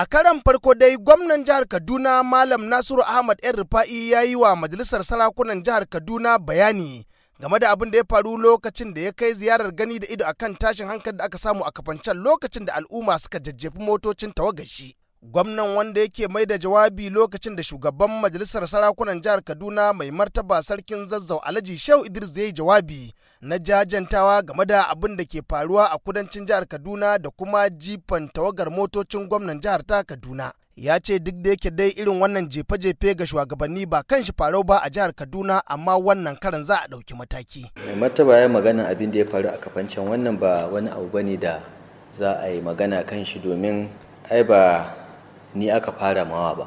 A karan farko dai gwamnan jihar Kaduna Malam Nasiru Ahmad ‘yan Rufa'i ya yi wa majalisar sarakunan jihar Kaduna bayani game da abin da ya faru lokacin da ya kai ziyarar gani da ido akan tashin hankali da aka samu a kafancan lokacin da al'umma suka jajjefi motocin tawagashi. gwamnan wanda yake mai da jawabi lokacin da shugaban majalisar sarakunan jihar kaduna mai martaba sarkin zazzau alhaji shehu idris ya jawabi na jajantawa game da abin da ke faruwa a kudancin jihar kaduna da kuma jifan tawagar motocin gwamnan jihar ta kaduna ya ce duk da yake dai irin wannan jefe-jefe ga shugabanni ba kan shi farau ba a jihar kaduna amma wannan karan za a ɗauki mataki mai martaba ya magana abin da ya faru a kafancen wannan ba wani abu bane da za a yi magana kan shi domin ai ba ni aka fara mawa ba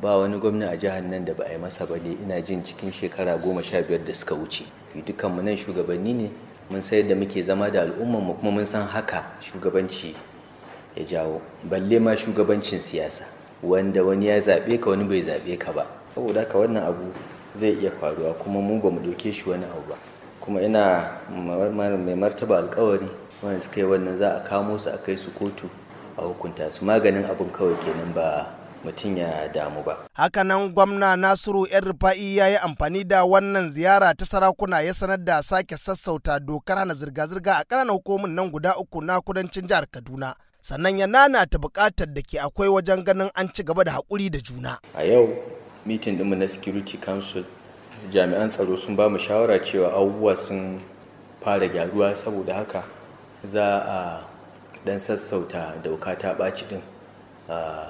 ba wani gwamna a jihar nan da ba a yi masa ba ne, ina jin cikin shekara goma sha biyar da suka wuce dukkanmu nan shugabanni ne mun sayar da muke zama da al'ummar mu kuma mun san haka shugabanci ya jawo balle ma shugabancin siyasa wanda wani ya zaɓe ka wani bai zaɓe ka ba saboda ka wannan abu zai iya faruwa kuma mu ba mu ɗauke shi wani abu ba kuma ina mai martaba alkawari wanda suka yi wannan za a kamo su a kai su kotu a hukunta su maganin abin kawai kenan ba mutum ya damu ba. Hakanan gwamna Nasiru ‘yan rufa'i ya yi amfani da wannan ziyara ta sarakuna ya sanar da sake sassauta dokar hana zirga-zirga a ƙananan hukumin nan guda uku na kudancin jihar Kaduna. Sannan ya ta buƙatar da ke akwai wajen ganin an ci gaba da haƙuri da juna. A yau, mitin ɗinmu na Security Council jami'an tsaro sun ba mu shawara cewa abubuwa sun fara gyaruwa saboda haka za a dan sassauta dauka ta ɓaci ɗin a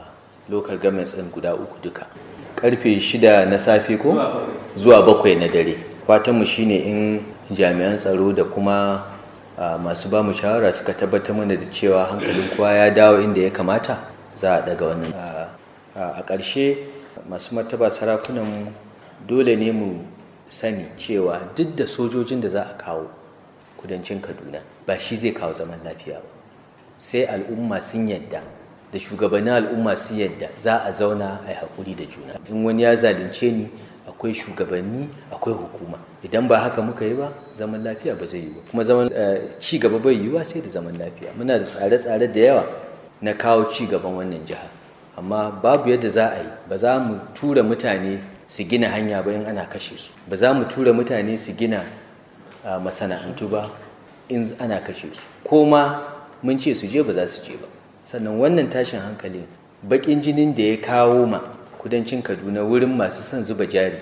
local governments ɗin guda uku duka karfe shida na safe ko zuwa bakwai na dare fatanmu shine in jami'an tsaro da kuma masu ba mu shawara suka tabbatar mana da cewa hankalin kowa ya dawo inda ya kamata za a daga wannan a ƙarshe masu martaba sarakunan dole ne mu sani cewa duk da sojojin da za a kawo kudancin kaduna ba shi zai kawo zaman lafiya ba sai al'umma sun yadda da shugabannin al'umma sun yadda za a zauna a yi haƙuri da juna in wani ya zalunce ni akwai shugabanni akwai hukuma idan ba haka muka yi ba zaman lafiya ba zai yi ba kuma zaman eh, ci gaba bai yiwa sai da zaman lafiya muna da tsare-tsare da yawa na kawo ci gaban wannan jiha amma babu yadda za a yi ba za mu tura mutane su gina hanya ba in ana kashe su ba za mu tura mutane su gina ah, masana'antu ba in ana kashe su ko ma mun ce su je ba za su je ba sannan wannan tashin hankalin bakin jinin da ya kawo ma kudancin kaduna wurin masu son zuba jari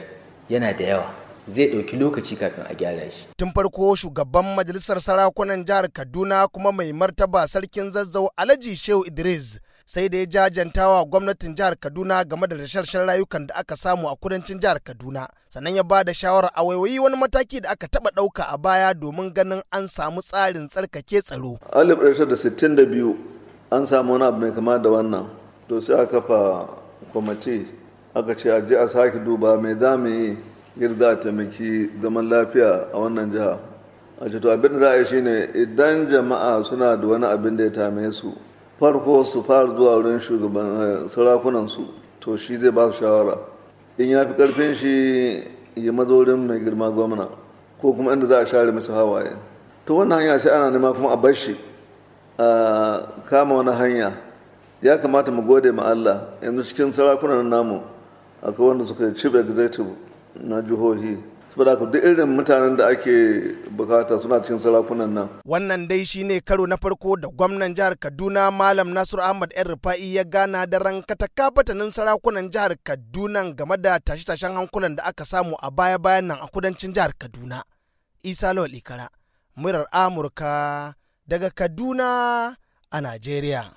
yana da yawa zai ɗauki lokaci kafin a gyara shi. Tun farko shugaban majalisar sarakunan jihar Kaduna kuma mai martaba sarkin zazzau Alhaji Shehu Idris sai da ya jajanta wa gwamnatin jihar Kaduna game da rasharshen rayukan da aka samu a kudancin jihar Kaduna. Sannan ya ba da shawarar a waiwayi wani mataki da aka taba ɗauka a baya domin ganin an samu tsarin tsarkake tsaro. an samu wani abu mai kama da wannan. To sai aka kafa kwamiti aka ce a je a sake duba mai za mu yi ta taimaki zaman lafiya a wannan jiha. A ce to abin da za a yi shine idan jama'a suna da wani abin da ya tame su farko su fara zuwa wurin shugaban eh, sarakunansu to shi zai ba su shawara in ya fi karfin shi ya mazo wurin mai girma gwamna ko kuma inda za a share masa hawaye to wannan hanya sai ana nema kuma a bar shi a kama wani hanya ya kamata mu gode ma Allah yanzu cikin sarakunan namu akwai wanda suka ci executive na jihohi saboda ku duk irin mutanen da ake bukata suna cikin sarakunan nan. Wannan dai shine karo na farko da gwamnan jihar Kaduna Malam Nasiru Ahmad ‘yan Rufa'i ya gana da rankata kafatanin sarakunan jihar Kaduna game da tashe-tashen hankulan da aka samu a baya-bayan nan a kudancin jihar Kaduna. Isa Lawal Ikara, murar Amurka daga Kaduna a Najeriya.